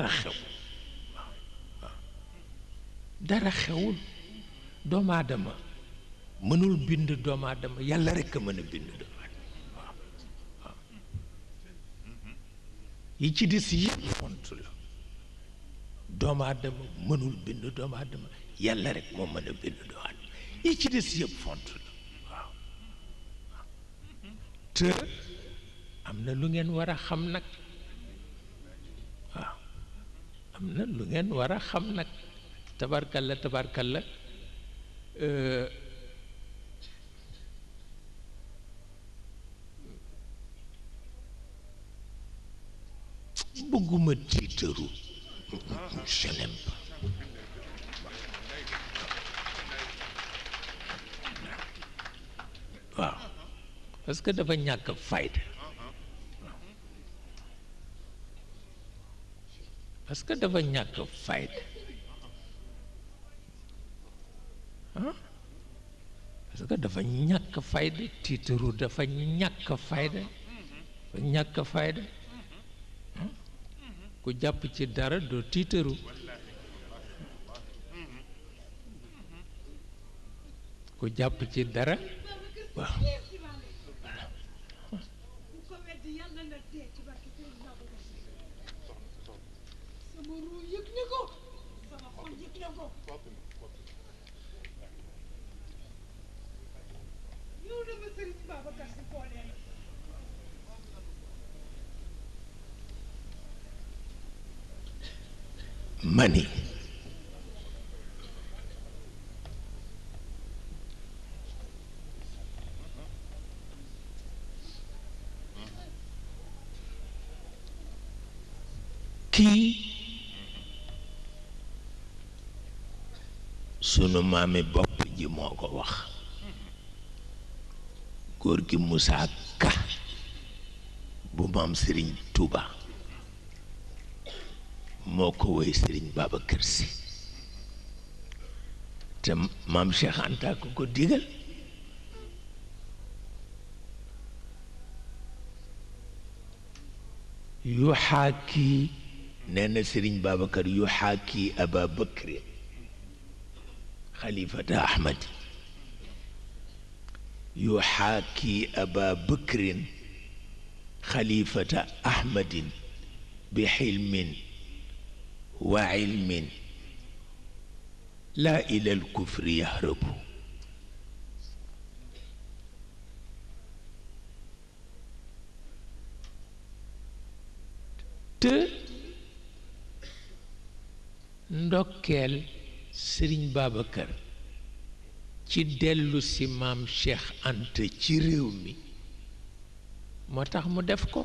dara xew waaw waaw dara xewul doomu aadama mënul bind doomu aadama yàlla rekk a mën a bind doomu aadama waaw waaw yi ci des yëpp font la doomu aadama mënul bind doomu aadama yàlla rekk moo mën a bind doomu aadama yi ci des yëpp font la waaw te am na lu ngeen war a xam nag am na lu ngeen war a xam nag tabarkalla la bëgguma tiitaru je n'aime pas waaw parce que dafa ñàkk fayda parce que dafa ñàkk fayda parce que dafa ñàkk fayda tiitaru dafa ñàkk fayda ñàkk fayda ku jàpp ci dara doo tiitaru ku jàpp ci dara waaw money. kii sunu mame bop ji moo ko wax góor gi Moussa Ka bu mam Serigne Touba moo ko woy sëriñ Babacar Si te maam Cheikh ko ko digal yu xaaki nee na sëriñ Babacar yu xaaki Aba Bakri xalifata Ahmad yu xaaki Aba Bakrin xalifata Ahmadin bi xilmin وعلم لا إلى الكفر يهرب te ndokkeel sëriñ Babacar ci dellu si maam Cheikh Anta ci réew mi moo tax mu def ko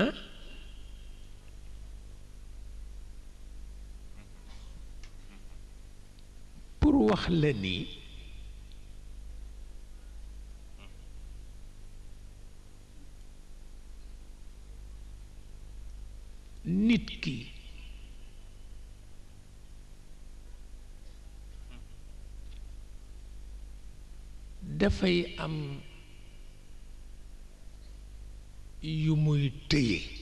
ah wax la ni nit ki dafay am yu muy tëye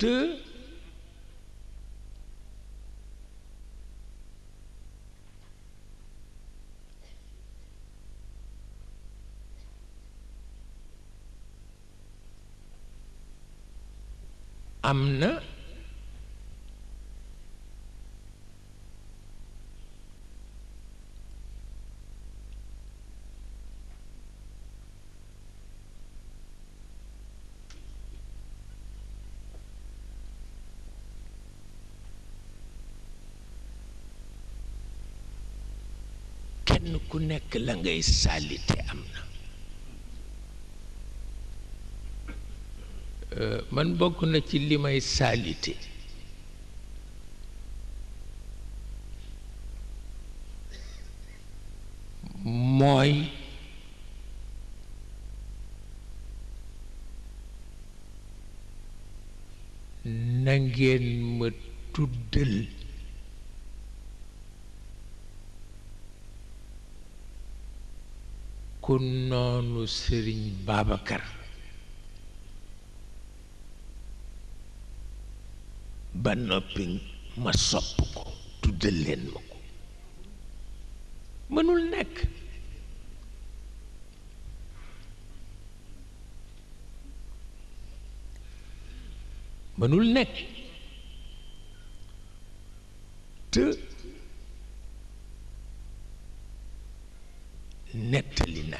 भक्त अम्न ku nekk la ngay sàllite euh, man bokk na ci li may sàllite mooy na ma tuddal ku noonu sëriñ Babacar ba noppi ma sopp ko tuddal leen ma ko mënul nekk mënul nekk te nett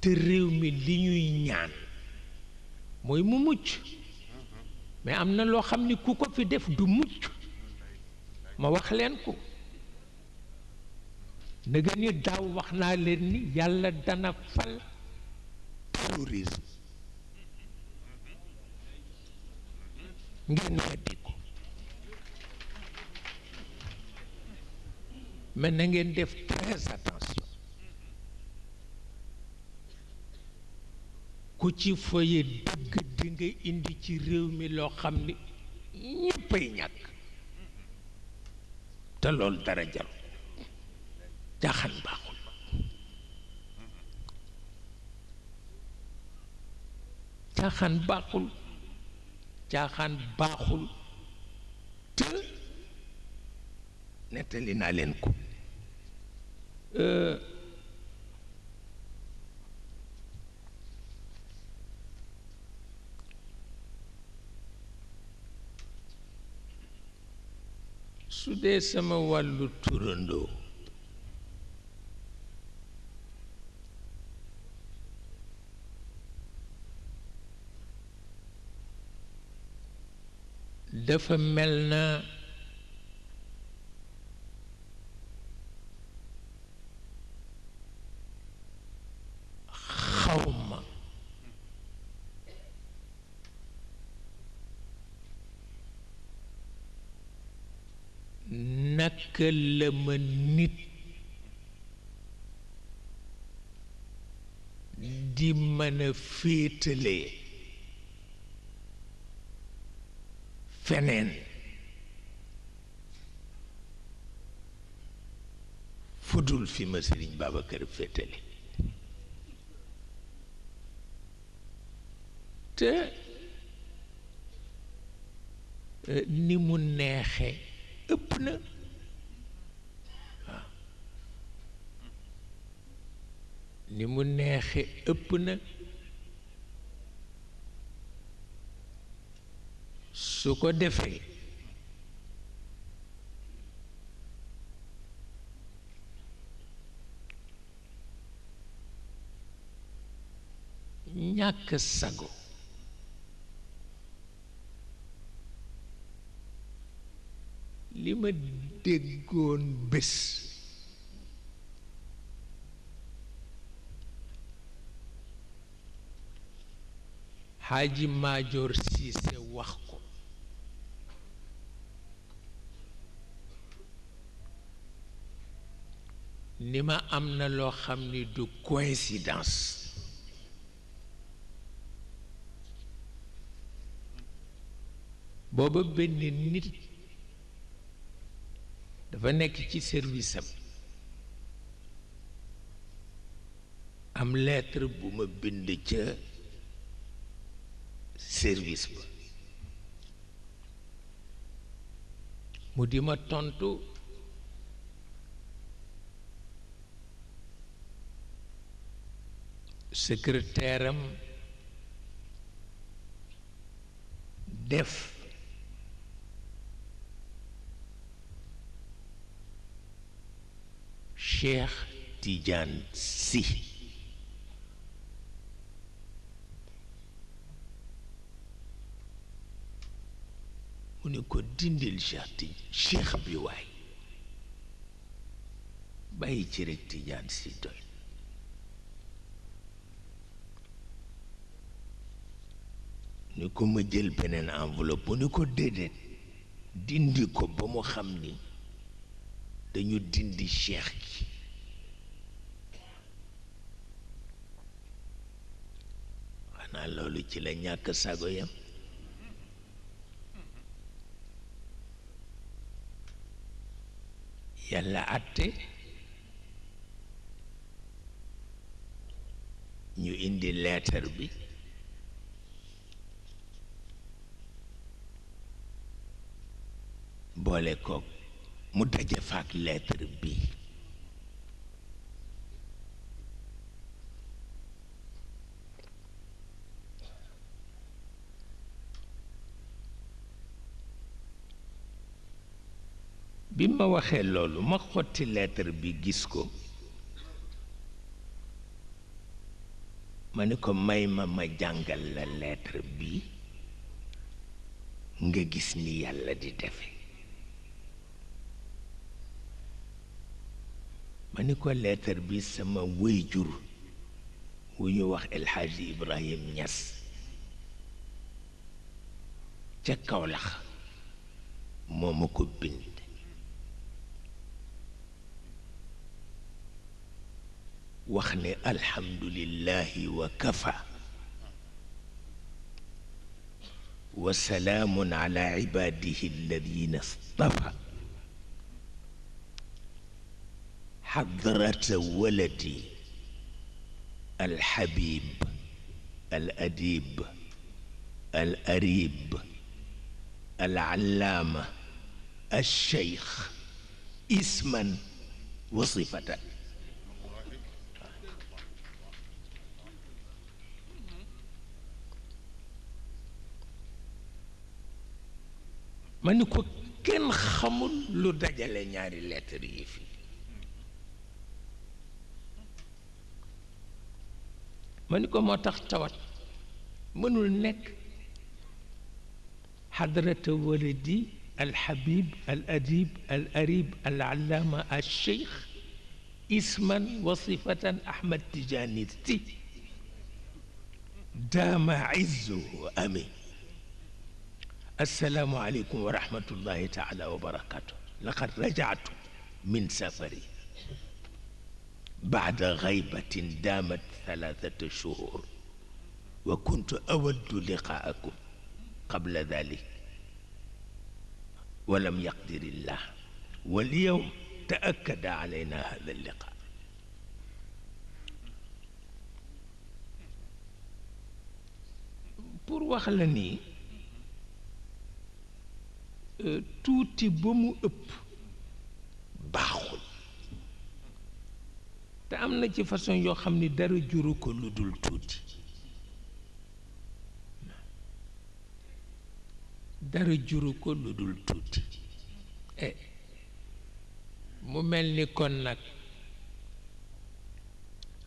te réew mi li ñuy ñaan mooy mu mucc mais am na loo xam ni ku ko fi def du mucc ma wax leen ko nga ni daaw wax naa leen ni yàlla dana fal terrorisme ngeen weddi ko mais na ngeen def très attention ku ci foye dëgg di indi ci réew mi loo xam ni ñëppay ñàkk te lool dara jaru jaaxal baaxul caaxaan baaxul caaxaan baaxul te nettali naa leen ko euh, dee sama wàllu turandoo dafa mel na ma nit di mën a féetale feneen fudul fi ma Sëriñ Babacar féetale te eh, ni mu neexe ëpp na ni mu neexe ëpp na su ko defee ñàkk sago li ma déggoon bés xaaji maajoor siise wax ko ni ma am na loo xam ni du coïncidence booba benn nit dafa nekk ci service am am bu ma bind ca service ba mu di ma tontu secrétaire am def Cheikh Tidiane si mu ne ko dindil cheikh ti cheikh bi waay bàyyi ci rek tijaan ni ko ma jël beneen enveloppe bu ni ko déedéet dindi ko ba mu xam ni dañu dindi cheikh gi xanaa loolu ci la ñàkk sago yàlla àtte ñu indi leetar bi boole koog mu daje faak leetar bi ma waxee loolu ma xotti lettre bi gis ko ma ne ko may ma ma jàngal la lettre bi nga gis ni yàlla di defe ma ni ko leetar bi sama wéyjur wu ñu wax El Hadji Ñas ca Kawlax moo ma ko bind وخني الحمد لله وكفى وسلام على عباده الذين اصطفى حضرة ولدي الحبيب الأديب الأريب العلامة الشيخ اسما وصفة. maniko ken xamul lu dajale ñaari lettre yi fi maniko motax tawat munul nek حضرت ولدي الحبيب الأديب الأريب العلامة الشيخ اسما وصفة أحمد تجاني دام عزه أمين السلام عليكم ورحمة الله تعالى وبركاته لقد رجعت من سفري بعد غيبة دامت ثلاثة شهور وكنت أود لقاءكم قبل ذلك ولم يقدر الله واليوم تأكد علينا هذا اللقاء بور وخلني Euh, tuuti ba mu ëpp baaxul te am na ci façon yoo xam ne dara juru ko lu dul tuuti e, mu mel ni kon nag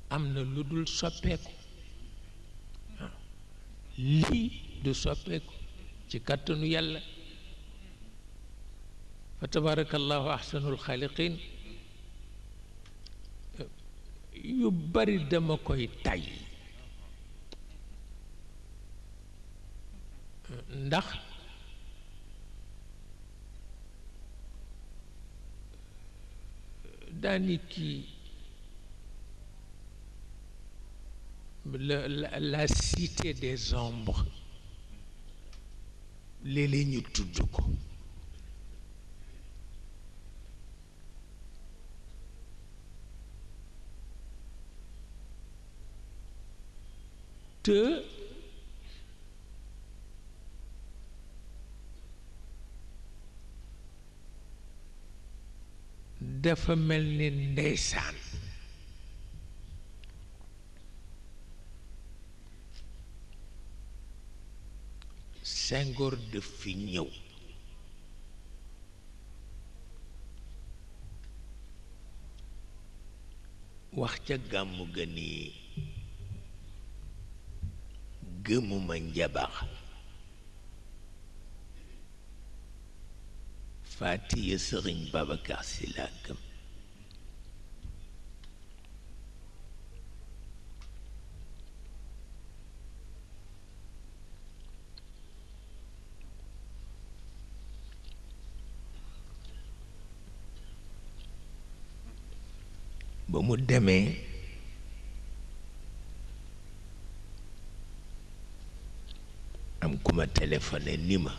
am na lu dul soppeeku lii du soppeeku ci kàttanu yàlla فتبارك الله أحسن الخالقين يبري دمكوي تاي ندخ داني كي لا سيتي دي زومبر لي لي ني تودكو te dafa mel ni ndeysaan Senghor def fi ñëw wax ca gàmmu ga nii gëmuma njabar faatiya sëriñ Babacar Si laa ba mu demee ku ma téléphoné ni ma